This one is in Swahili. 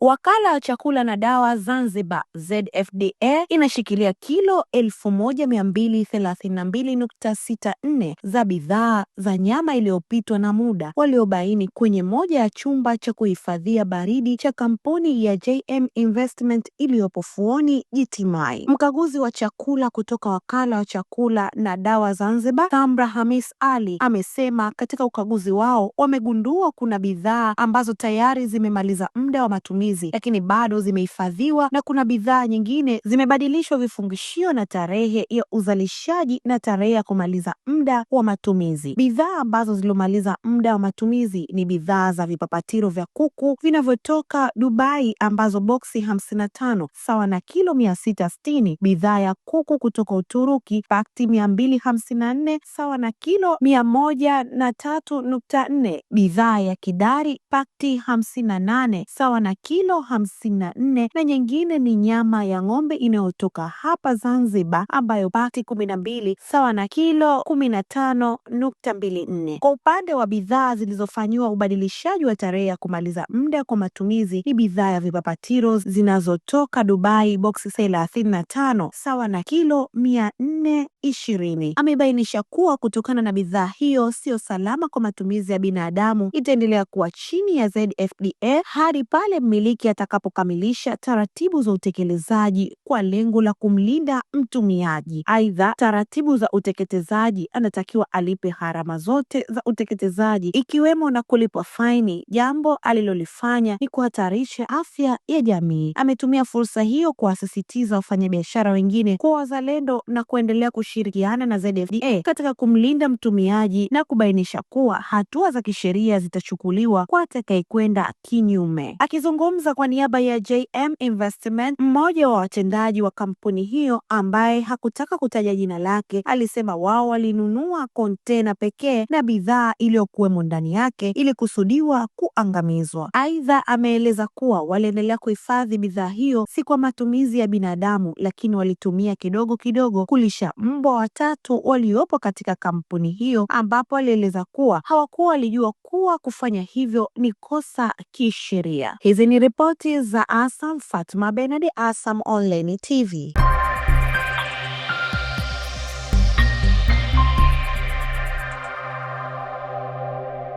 Wakala wa Chakula na Dawa Zanzibar ZFDA inashikilia kilo 1232.64 za bidhaa za nyama iliyopitwa na muda waliobaini kwenye moja ya chumba cha kuhifadhia baridi cha kampuni ya JM Investment iliyopo Fuoni Jitimai. Mkaguzi wa chakula kutoka Wakala wa Chakula na Dawa Zanzibar, Thamra Hamis Ali, amesema katika ukaguzi wao wamegundua kuna bidhaa ambazo tayari zimemaliza muda wa matumizi matumizi, lakini bado zimehifadhiwa na kuna bidhaa nyingine zimebadilishwa vifungishio na tarehe ya uzalishaji na tarehe ya kumaliza muda wa matumizi. Bidhaa ambazo zilomaliza muda wa matumizi ni bidhaa za vipapatiro vya kuku vinavyotoka Dubai ambazo boksi 55 sawa na kilo 660, bidhaa ya kuku kutoka Uturuki pakti 254 sawa na kilo 103.4, bidhaa ya kidari pakti 58 sawa na kilo kilo hamsini na nne na nyingine ni nyama ya ng'ombe inayotoka hapa Zanzibar ambayo pati kumi na mbili sawa na kilo kumi na tano nukta mbili nne. Kwa upande wa bidhaa zilizofanyiwa ubadilishaji wa tarehe ya kumaliza muda kwa matumizi ni bidhaa ya vipapatiro zinazotoka Dubai boksi thelathini na tano sawa na kilo mia nne ishirini. Amebainisha kuwa kutokana na bidhaa hiyo siyo salama kwa matumizi ya binadamu itaendelea kuwa chini ya ZFDA hadi pale mmiliki mmiliki atakapokamilisha taratibu za utekelezaji kwa lengo la kumlinda mtumiaji. Aidha, taratibu za uteketezaji, anatakiwa alipe gharama zote za uteketezaji ikiwemo na kulipwa faini, jambo alilolifanya ni kuhatarisha afya ya jamii. Ametumia fursa hiyo kuwasisitiza wafanyabiashara wengine kuwa wazalendo na kuendelea kushirikiana na ZFDA katika kumlinda mtumiaji na kubainisha kuwa hatua za kisheria zitachukuliwa kwa atakayekwenda kinyume. Akizungumza Akizungumza kwa niaba ya JM Investment, mmoja wa watendaji wa kampuni hiyo ambaye hakutaka kutaja jina lake alisema wao walinunua kontena pekee na bidhaa iliyokuwemo ndani yake ilikusudiwa kuangamizwa. Aidha, ameeleza kuwa waliendelea kuhifadhi bidhaa hiyo si kwa matumizi ya binadamu, lakini walitumia kidogo kidogo kulisha mbwa watatu waliopo katika kampuni hiyo, ambapo alieleza kuwa hawakuwa walijua kuwa kufanya hivyo ni kosa kisheria. Hizi ni Ripoti za ASAM, Fatma Benard, ASAM Online TV.